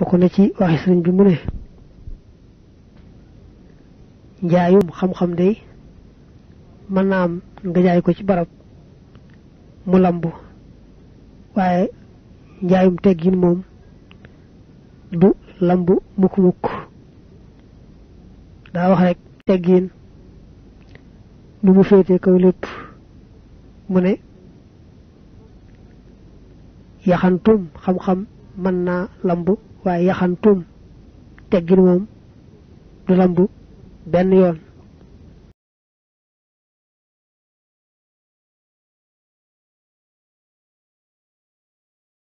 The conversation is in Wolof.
bokk na ci waxi sëriñ bi mu ne njaayum xam-xam day mën naa am nga jaay ko ci barab mu lamb waaye njaayum teggin moom du lamb mukk-mukk daa wax rek teggin lu mu féete kaw lépp mu ne yaxantum xam-xam mën naa lamb waaye yaxantum teggin moom du lamb benn yoon